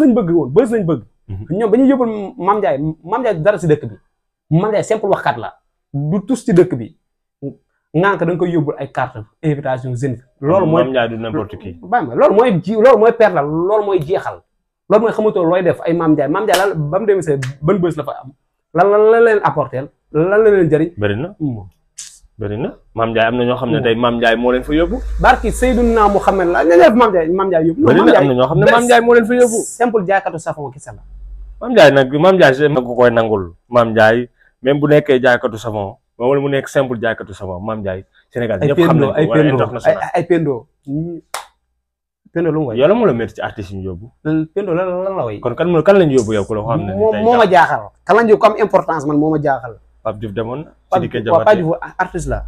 lañ bëgg woon bës lañ bëgg mhm. ñoom ba ñuy yóbbul Mame Ndiaye Mame Ndiaye dara si dëkk bi Mame Ndiaye simple waxkat la du tus si dëkk bi ngank da nga koy yóbbul ay carte invitation jeune loolu mooy Mame Ndiaye du n'importe qui ba loolu mooy ji loolu mooy perte la loolu mooy jeexal loolu mooy xamatoo looy def ay Mame Ndiaye ba mu demee ban bës la fa am lan lan la leen apporter lan la leen jëriñ bëri na bëri na Maam Ndiaye am na ñoo xam ne hmm. tey Maam Ndiaye moo Maam Ndiaye Maam na am na ñoo xam ne Maam Ndiaye moo leen fa yóbbu. simple jaaykatu savon kese la. Maam Ndiaye nag Maam Ndiaye nag ku koy nangul Maam Ndiaye même bu nekkee jaaykatu savon wala mu nekk simple jaaykatu savon Maam Ndiaye Sénégal ñëpp xam nañ ko wala international ay pendo lu mu woy yow la mu la métti la woy. kon kan kan lañ yóbbu yow ku la xam ne. moo ma jaaxal. kan lañ comme importance man moo ma jaaxal. Pape Diouf demoon. Sidike Diabaté Pape Diouf la.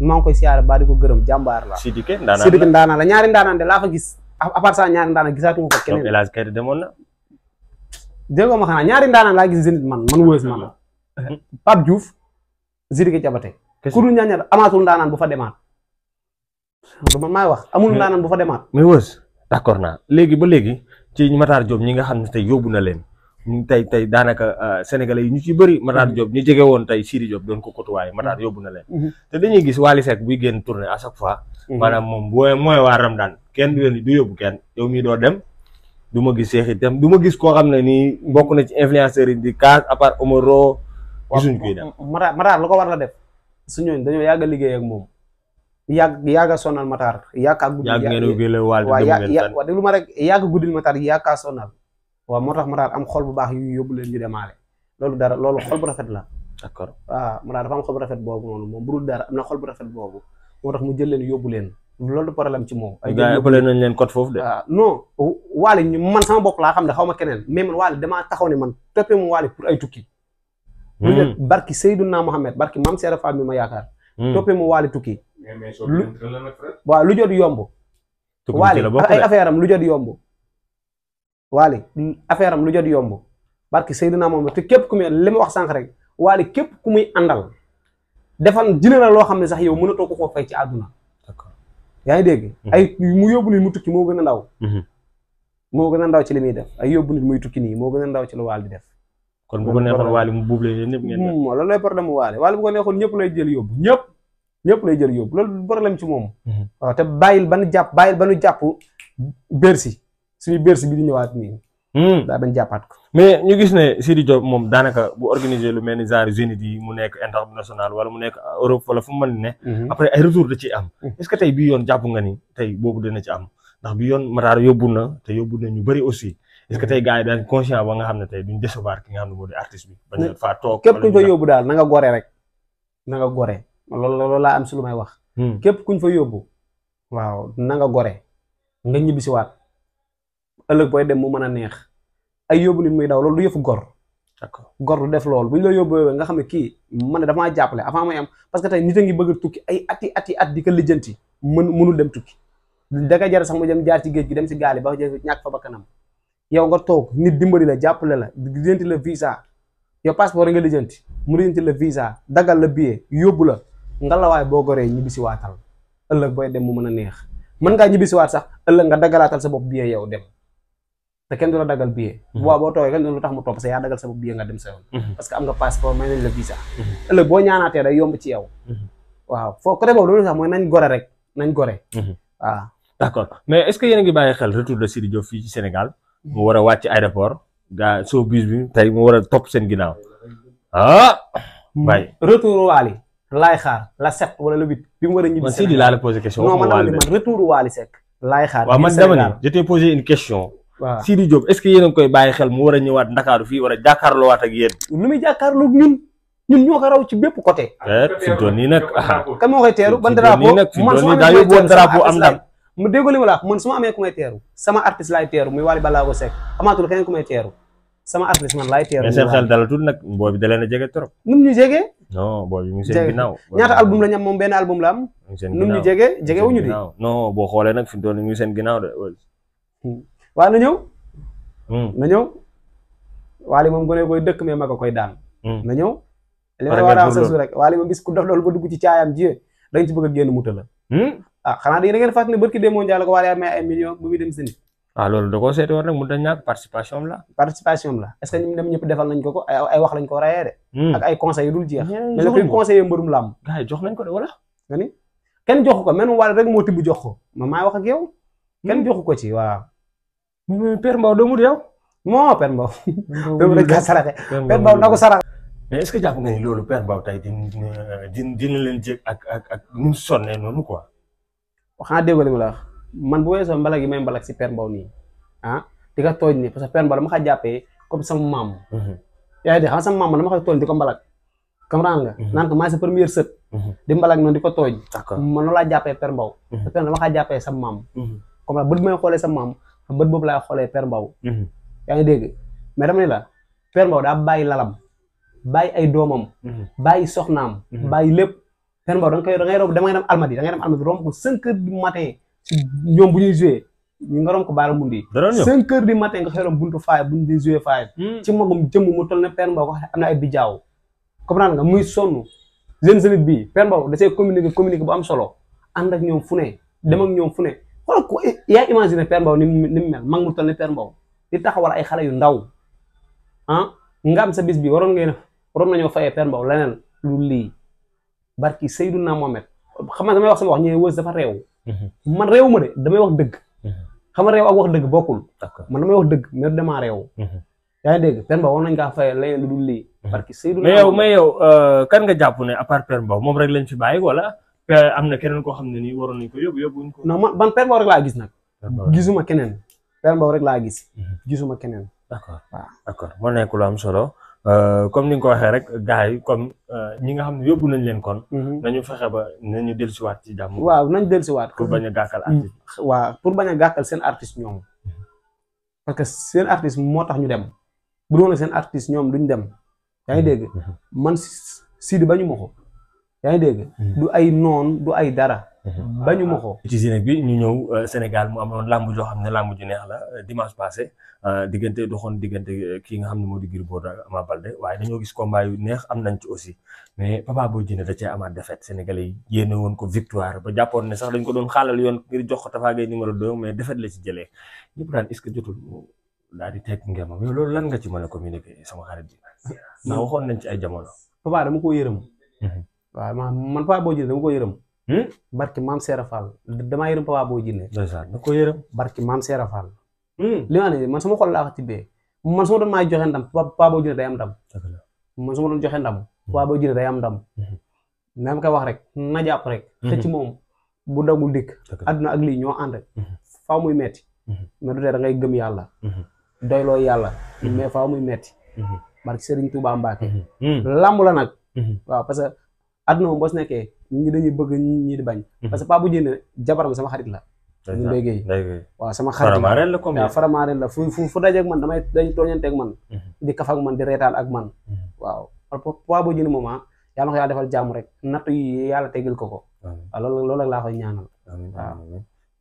maa ngi koy siyaare ba di ko gërëm jàmbaar la. Sidike ndaanaan la Sidike ndaanaan la ñaari ndaanaan de laa fa gis. a part ça ñaari ndaanaan gisaatuma ko keneen. donc El Hadj Keita demoon ñaari ndaanaan laa gis Zénith man man wóos man la. Hmm. Pape Diouf Sidike Diabaté. ku ndaanaan bu fa demaat. du man maay wax amul ndaanaan bu fa demaat. mais wóos d'accord naa léegi ba léegi ci Matar Diop ñi nga xam ne te yóbbu na leen ñu tay tay danaka sénégalais yi ñu ci bëri Matar job ñu jégué won tay Siri job doon ko kotuwaay Matar mm-hmm. yóbbu na leen mm-hmm. té dañuy gis wali Seck bu gën tourner à chaque fois mm-hmm. manam mom boy moy wa ramdan kèn du len du yobu kèn yow mi do dem duma gis Cheikh itam du gis ko xamné ni bokku na ci influenceur yi di cas à part Omaro gisuñ koy dem Matar Matar lu ko war la def suñu dañu yàgg liggéey ak mom yag yàgg sonal Matar yàgg wal dem waaw tan wa déglu ma rek yag guddil Matar yàgg sonal waaw moo tax ma daal am xol bu baax yu yóbbu leen ñu demaale loolu dara loolu xol bu rafet la. d'accord waaw mu daal dafa am xol bu rafet boobu noonu moom bu dul dara am na bu rafet boobu moo tax mu jël leen yóbbu leen loolu problème ci moom. ay gars yi nañ leen code foofu de. waaw non waale ñu man sama bopp laa xam ne xaw ma keneen mais man waale damaa taxaw ne man toppee mu waale pour ay tukki. Hmm. lu ne barki Seydouna Mohamed barki maam Serap Fall mi ma yaakaar. Hmm. toppee mu waale tukki. lu waaw lu jot yomb. waale ay affaire am lu jot yomb. waali affaire am lu jot yomb barki Seydina moom te képp ku muy li ma wax sànq rek waali képp ku muy àndal defan dina la loo xam ne sax yow mënatoo ko koo fay ci àdduna yaa ngi dégg mhm. ay mu yóbbu nit mu tukki moo gën a ndaw mhm. moo gën a ndaw ci li muy def ay yóbbu nit muy tukki nii moo gën a ndaw ci lu waal bi def kon bu ko neexoon waali mu buub leen ñëpp ngeen def hmm, loolu lay waale waale bu ko neexoon ñëpp lay jël yóbbu ñëpp ñëpp lay jël yóbbu loolu problème ci moom mhm. waaw te bàyyil ba nu jàpp bàyyil ba jàpp Bercy suñu berse bi di ñëwaat nii. Hmm. daa bañ jàppaat ko. mais ñu gis ne Sidi Diop moom daanaka bu organiser lu mel ni genre Zénith yi mu nekk international wala mu nekk Europe wala fu mu mën ne. Mhm. après ay retour da ciy am. Mhm. est-ce tey bii yoon jàpp nga ni tey boobu dana ci am ndax bi yoon Matar yóbbu na te yóbbu na ñu bëri aussi. est-ce que mhm. tey gars yi daal conscient ba nga xam ne tey duñ décevoir ki nga xam ne moo di artiste bi. bañ a faa toog képp kuñ fa yóbbu daal nga gore rek na nga gore loolu loolu laa si lu may wax. Hmm. képp kuñ fa yóbbu. waaw na nga gore nga ñibbisiwaat ëlëk boy dem mu mëna a neex ay yóbbu nit muy daw loolu du yëfu gor d'accord gor du def loolu bu ñu la yóbbuwee nga xam ki man dama jappalé avant may am parce que tay nit a bëgg a tukki ay ati ati at di ko lijeenti mën mënul dem tukki da nga jar sax mu dem jaar ci geej gi dem ci gaali ba ba ñak fa bakanam yow nga tok nit dimbali la jappalé la lijeenti le visa yow passeport nga lijeenti mu lijeenti le visa dagal le billet yóbbu la nga la waay boo goree ñibbisi waatal ëlëk boy dem mu mëna a neex mën ngaa ñibbisi waat sax ëlëk nga dagalatal sa bop billet yow dem te kenn du la dagal billet mhm. bu waa boo toogee kenn lu tax mu topp sa yaa dagal sama billet nga dem sa yoon mhm. parce que am nga passeport may nañ la visa mhm. ëllëg boo ñaanaatee day yomb ci yow waaw foo côté boobu loolu sax mooy nañ gore a fii ci Sénégal mu war a wàcc aéroport gaa soo bus bi mu war a topp seen ginnaaw ah waaye hmm. retour Waly laay xaar la sept wala le huit bi mu war a ñibbi Sidy laa la posé question non man retour Waly man dama ni je t'ai posé une waaw Sidi Diop est-ce que yéen a koy bàyyi xel mu war a ñëwaat Ndakaaru fii war a jàkkaarloowaat ak yéen. nu muy jàkkaarloog ñun ñun ñoo ko ci bépp côté. Ah, fi eh, nii nag ah. kan moo koy teeru ban drapeau man ma am ndam. mu déggoo li ma la man su ma amee sama artiste laay teeru muy bi da leen a jege trop. nu mu ñu jegee. non booy bi la ñu am moom benn album la am. mu boo xoolee nag fi mu toll seen ginnaaw de. Hmm. waa na ñëw. Hmm. na ñëw. waali moom gone koy dëkk mais ma ko koy daan. Hmm. na ñëw. li ma war a wax rek waali moom bis ku dof loolu ba dugg ci caayam jiyee dañ ci bëgg a génn muta la. Hmm? ah xanaa da ngeen fàttali ne barki démb mondial la ko waali amee ay millions bu muy dem sini waaw ah, loolu la participation la est ñëpp defal nañ ko ko ay ay wax lañ ko rayee de ak ay conseils dul jeex mais le conseiller mbërum làmb gars yi jox nañ ko de wala nga ni kenn joxu ko men Wally rek moo tibb jox ko ma maay wax ak kenn joxu ko ci waa Permbaw dong dia. Mo permbaw. Do mo nagkasara kay. Permbaw na ko sara. din din din len jek ak ak ak nu sonné nonu quoi. Waxa degol mi Man bu wéso mbalak yi may mbalak ci ni. Ah diga togn ni parce que permbaw dama ka jappé comme eh, mhm. ya, sama mam. Yaay di xam mhm. mhm. eh, eh, sama mam dama ka togn diko mbalak. Kamran nga nan ko ma sa Di mbalak non diko togn. Man la jappé permbaw. Permbaw dama ka jappé sama mam. Comme la bu may xolé sama mam bët boobu laa xoolee per Mbaw mhm. yaa ngi dégg mais dama ne la Père Mbaw daa bàyyi lalam bàyyi ay doomam mhm. bàyyi soxnaam mhm. bàyyi lépp Père Mbaw da nga koy da ngay romb almadi da ngay dem almadi romb ko cinq bu ñuy joué ñu nga romb ko baara mundi cinq heures du matin nga xëy romb buntu faay buñ di joué faay ci magum jëmm mu toll ne Père Mbaw ko xam am na ay bijaaw comprendre nga muy bi Père Mbaw da see communiqué communiqué bu am solo ànd ak ñoom fu ne dem xol ko eh, ya imaginer Père mbaw ni ni mel mag mu ni Père mbaw di taxawal ay xale yu ndaw ah nga am sa bis bi waroon ngeen waron nañu fayé Père mbaw lenen lu li barki sayyiduna mohammed xam nga damay wax sama wax ñu wës dafa rew mhm. man rew ma de damay wax deug mhm. xam rew ak wax deug bokul man damay wax deug mer dama rew mhm. ya deug Père mbaw nañ ka fayé lenen lu li barki sayyiduna mais yow mais yow euh, kan nga jàpp ne à part Père mbaw mom rek lañ ci bàyyi wala. am na keneen koo xam ne nii waroon nañ ko yóbbu yóbbuñ ko. non man Père Mbow rek laa gis nag. gisuma keneen. Père Mbow rek laa gis. Mhm. gisuma keneen. accord accord moo nekk am solo euh, comme ni nga ko waxee rek gars yi comme euh, ñi nga xam ne yóbbu nañ leen kon. Mhm. nañu fexe ba nañu dellusiwaat ci jàmm. waaw nañ dellusiwaat. pour bañ a gàkkal mm. artiste. waaw pour bañ a gàkkal seen artiste ñoom. Mhm. parce que seen artiste moo tax ñu dem. bu seen artiste ñoom duñ dem. yaa ngi dégg man Sidi bañu ma ko. yaa ngi dégg. Hmm. du ay noon du ay dara. Hmm. bañu ma ko. ci Zénith bi ñu ñëw euh, Sénégal mu amoon làmb joo xam ne làmb ju neex la euh, dimanche passé euh, diggante doxoon diggante kii nga xam ne moo di Gris Bordeaux ak Ama Baldé waaye gis combat yu neex am nañ ci aussi mais Papa Boy Djiné da cee amaat défaite Sénégalais yi yéene woon ko victoire ba jàppoon ne sax dañ ko doon xaalal yoon ngir jox ko Tapha Gueye numéro 2 mais défaite la ci jëlee daal di teg ngeen ma loolu lan nga ci mën a communiquer sama xarit bi ndax waxoon nañ ci ay jamono. Papa dama ko yërëm. Hmm. waaw ma man papa boo jinne dama ko yërëm hmm? barki maam Seera Fall damaa yërëm papa boo jinne da ko yërëm barki hmm. li ma man sama xol laa ko tibbee man su doon maay joxe ndam papa boo jinne da am ndam man ma doon hmm. na ma koy wax rek na jàpp rek te ci moom bu dagul dikk adduna ak lii ñoo ànd faaw muy metti mais du tee ngay gëm yàlla doyloo yàlla mais faaw muy metti barki Serigne Touba Mbacke lamb la nag waaw parce àdduna moom boo si nekkee ñi ñu bëgg ñi di bañ. Mm-hmm. parce que Pape Diéne jabaram sama xarit la. ñu Ndeye waaw sama xarit la waaw faramaareel la fu fu fu dajeeg man damay dañ tooñante ak man. Mm-hmm. di kaf ak man di reetaan ak man. Mm-hmm. waaw Pape Diéne moom ah, yàlla na ko yàlla defal jàmm rek nattu yi yàlla tegil ko ko. waaw loolu loolu laa koy ñaanal.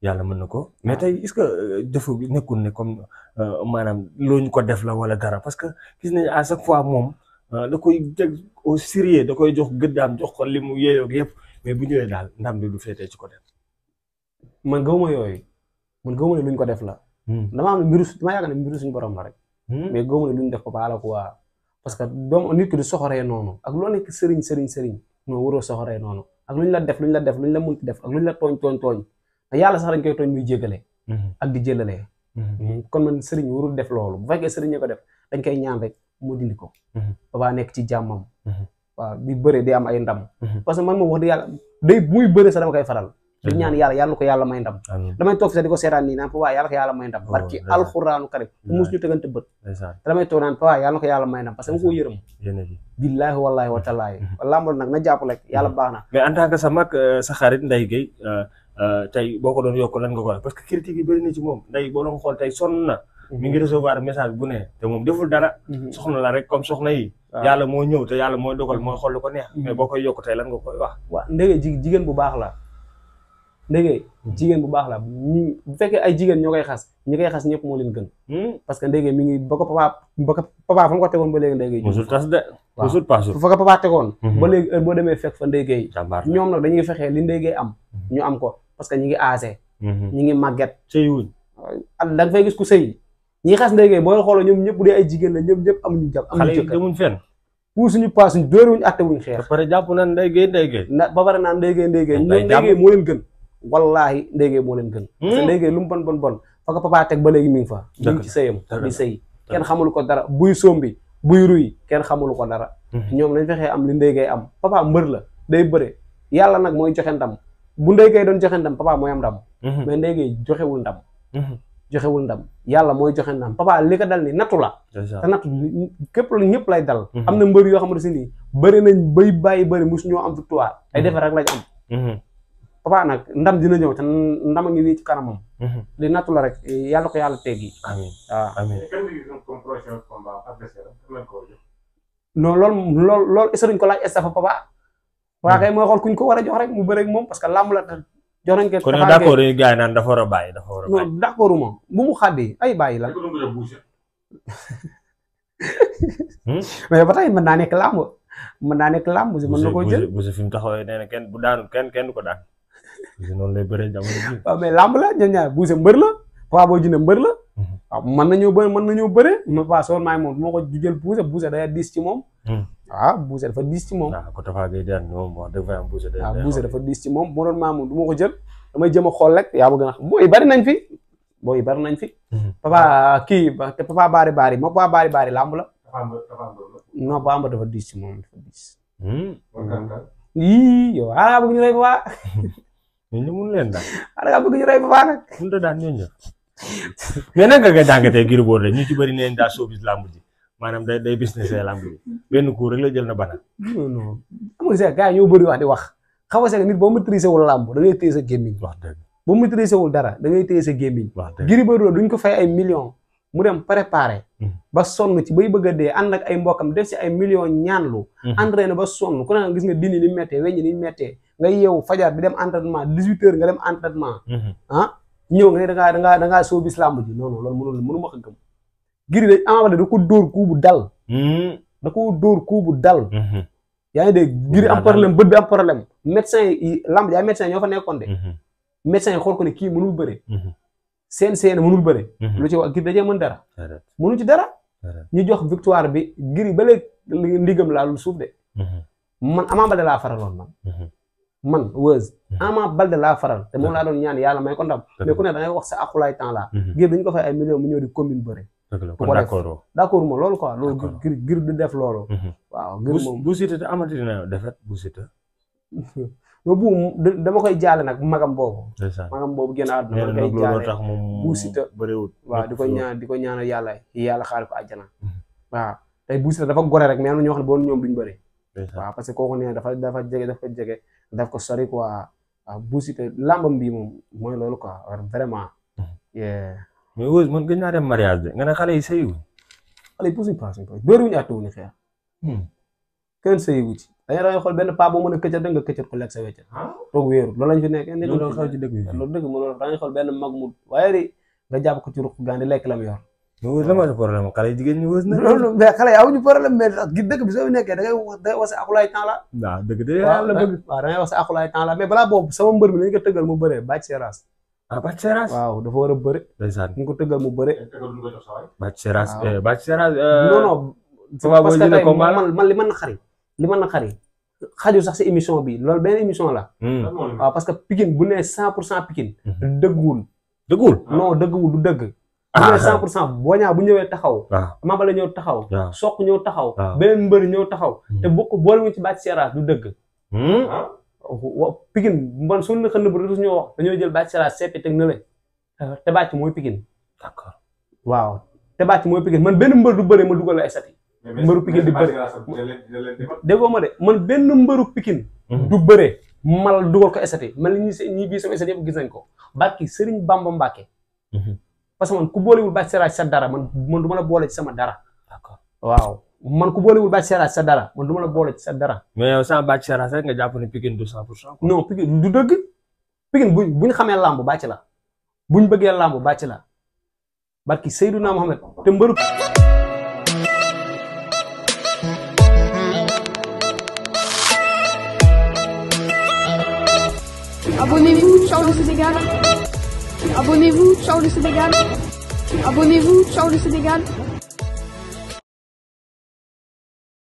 yàlla mën na ko. mais tey est-ce que euh, defu nekkul ne comme euh, maanaam loo ñu ko def la wala dara parce que gis nañu à chaque fois moom. Ah, da koy teg au koy jox gëddaam jox ko li mu yeeyoog yëpp mais bu ñëwee daal ndam bi du féetee ci ko dem man gëwuma yooyu man gëwuma ne luñ ko def la. Hmm. dama am mbiru dama yaakaar ne mbiru suñu borom la rek. Hmm. mais gëwuma ne luñ def ko Alla quoi parce que doom nit ki du soxoree noonu ak loo nekk sëriñ sëriñ sëriñ moo waroo noonu ak luñ la def luñ la def luñ la mënti def ak luñ la tooñ tooñ tooñ koy tooñ muy jégale. Hmm. ak di jëlalee. kon man sëriñ warul def loolu bu fekkee sëriñ ñu ko def dañ koy ñaan rek. mu dindi ko. Mhm. Papa nekk ci jammam wa mhm. bi beure di am ay ndam. Mhm. parce que man mo wax de yalla day muy beure sa dama kay faral. di ñaan yalla yalla ko yalla may ndam. dama tok fi sa diko ko ni nan naan papa yalla ko yalla may ndam. Oh, barki alquran karim mu ñu tegante beut dama tok nan naan papa yalla ko yalla may ndam parce que ma ko yërëm. billaahi wallaahi wa taalaahi. làmbal nak na japp lek yalla baxna mais en tant que sa mak euh, sa xarit Ndeye gey euh, euh, tey boo ko doon yokk lan nga ko parce que critique yi bëri na ci mom Ndeye bo lo xool tey sonn na Mhm. mi ngi recevoir message bu ne te moom deful dara mhm. soxna la rek comme soxna yi ah. yàlla moo ñëw te yàlla mooy dogal mhm. moo xool lu ko neex mais boo ko yokk tey lan nga koy wax waaw ndege jigéen bu baax la ndege jigéen bu baax la bu fekkee ay jigéen ñoo koy xas ñi koy xas ñëpp moo leen gën hmm? parce que ndege mi ngi ba ko papa ba ko papa fa mu ko tegoon ba léegi ndege musul tas de musul pas fa ko papa tegoon ba boo demee fekk fa ndege ñoom nag dañuy fexee li ndege am ñu am ko parce que ñi ngi aase ñi ngi màgget sëy wuñ da nga gis ku sëy ñi xas ndéygay booy xooloo ñoom ñëpp bu ay jigéen la ñoom ñëpp amuñu jàpp amuñu jëkkër xale yi demuñ ñu dóor wuñu atte wuñu xeex ba jàpp naan ndéygay ndéygay na ba pare naan ndéygay ndéygay ñoom ndéygay moo leen gën wallaahi ndéygay moo leen gën hmm? parce lu mu bon bon bon fa ko papa ba léegi mi ngi fa mi ngi ci sëyam di sëy kenn xamul dara buy sombi buy ruy kenn xamul ko dara hmm. ñoom lañ fexee am li ndéygay am papa mbër la day bëre yàlla nag mooy joxe ndam bu ndéygay doon joxe ndam papa mooy am ndam hmm. mais joxe joxewul ndam joxewul ndam yalla moy joxe ndam papa li ko dal ni nattu la te nattu kep lu ñep lay dal mhm. am mbeur yo xamanteni ni si nañ bay bay bëri mosu ñoo am victoire ay mhm. def rek lañ am mhm. papa nak ndam dina ñew te ndam ngi ni ci kanamam li nattu la rek yalla ko yalla teggi amin amin non lol lol lol essaruñ ko laaj estafa papa waa kay mooy kuñ ko wara jox rek mu bëreeg mom parce que lamb la joranke kon yow d'accord yi gars yi naan dafa war a bàyyi dafa war a bàyyi ma bu mu xàddee ay bàyyi la hmm? mais ba tey mën naa nekk làmb mën naa nekk làmb si mën na koo jël bu si fi mu taxawee nee na kenn bu daanu kenn kenn ko daan noonu lay bëree jamono ji waaw mais làmb la ñoom ñaar buuse mbër la man nañu nañoo man nañu nañoo bëre ma Papa Sow may mom moko ko jël buuse da ya 10 ci moom. Hmm. waaw buuse dafa 10 ci mom da ko Tafa gay dan moom mo ah, dëgg fa am buuse. waaw buuse dafa 10 ci mom mo don mamou moom ko jël damay jëma xol rek yaa ma gën bari nañ fi boy bari nañ fi. Hmm. papa ki te papa bari bari mo papa bari bari lamb la. no papa Amba dafa 10 ci moom dafa diis. Hmm. Kan kan? yii yo ah bu ñu lay papa. ñu mun leen da ala bu ñu lay papa nag. mënut a daan ñu mais nag nga jàngatee Gris Bordeaux ñu ci bëri neen daa showbiz làmb ji maanaam day day business làmb benn coup rek la jël na bana. non non bëri wax di wax xam nga nit boo maîtriser wul làmb da ngay téye sa gémmiñ. wax mu boo maîtriser wul dara da ngay téye sa gémmiñ. wax dëgg Gris Bordeaux duñ ko fay ay million mu dem préparer. Hmm. ba sonn ci bay bëgg dee ànd ak ay mbokkam def si ay millions ñaanlu. Hmm. entraîné ba sonn ku ne gis nga dindi ni mu méttee weññi ni mu méttee nga yeewu fajar bi dem entraînement 18 heures nga dem entraînement. Hmm. ah. ñëw nga ne da ngaa da ngaa da ngaa soo bis làmb ji non non loolu mënul mënu ma ko gëm. Gris de Ama Baldé da ko dóor coup bu dal. Hmm. da ko dóor coup bu dal. Hmm. yaa ngi dégg Gris am problème bët bi am problème. médecin yi làmb ji ay médecin ñoo fa nekkoon de. Hmm. médecin yi xool ko ne kii mënul bëre. seen seen mënul bëre. lu ci wax Gris dajee mën dara. mënu ci dara. ñu jox victoire bi Gris ba léegi ndigam laalul suuf de. man Ama Baldé laa faraloon man. man Weuz Ama Baldé laa faral te moom laa doon ñaan yàlla may ko ndam mais ku ne da ngay wax sa akulaay temps la mm-hmm. Gris dañu ko fay ay millions mu ñëw di commune bëre kon d'accord d'accord ma loolu a loolu Gris Gris du def loolu mm-hmm. waaw Gris moom bu Siteu te amati na defet bu di ko ñaan di ko ñaanal yàlla yàlla xaar ko àjjana mm-hmm. waaw tey bu Siteu dafa gore rek mais am na ñoo xam ne boon ñoom duñu bëri waaw parce que kooku dafa jege def ko sori quoi a ah, Siteu làmbam bi moom mooy loolu quoi vraiment. Mhm. mais Weuz man gëj naa dem mariage de nga ne xale yi sëyiwuñ. xale yi pousse passe bëriwuñu àtte wuñu xeex. Hmm. kenn sëyiwu ci dañu doon xool benn paa boo mën a këccat da nga këccat ko lekk sa weccat. Ah. toog wéeru loolu lañ fi nekkee. loolu xaw ci loolu dëgg mu loolu dañu xool benn mag mu waaye nga jàpp ko ci ruq gaan di lekk lam yor. Nuhusna mah problem kali juga nuhusna. Belum, kali aku problem gidda ke bisa ne kada da oh, wasa aku lai taala. Da da gede ya lebih parah eh, wasa aku lai taala me bala bob sama ber bilang ke tegal mu bare ras Ah ras, Wow, da fore bare. Desan. Ku tegal mu bare. Baceras eh baceras eh No no. Sama boji na komal. Man liman khari. Liman khari. xaju sax ci émission bi lool benn émission la waaw hmm. ah, parce que Pikine bu ne 100 pour cent Pikine hmm. dëggul dëggul non dëggul du dëgg Ah, bu ñëwee ah. cent pour cent boñaa bu ñëwee taxaw ah. mabala ñëw taxaw soq ñëw taxaw beneen mbër ñëw taxaw hmm. te bokk boole mu ci bàcc seeraas du dëgg hmm? pikin man suñ na xën na bu dul ñoo wax jël bàcc seeraas seppi teg na le te bàcc mooy pikin ta waaw te bàcc mooy pikin man benn mbër du bëre ma dugal la estati mbëru pikin di bëre déggoo ma de man benn mbëru pikin hmm. du bëre mal dugal ko estati man li ñuy ñi bii sama estati gis nañ ko barki Sëriñ Bamba Mbàkke parce que man ku boolewul bac seeraaj sa dara man man duma la bolé ci sama dara. d'accord waaw man ku boolewul bac seeraaj sa dara man duma la bolé ci sa dara. mais yow sans bac seeraaj rek nga jàpp ni Pikine du 100 non Pikine du deug Pikine buñ xamé lamb bac la buñ bëggé lamb bac la barki sayyiduna muhammad te mbeuruk Abonnez-vous, ciao le Sénégal Abonnez-vous, ciao le Sénégal. Abonnez-vous, ciao le Sénégal.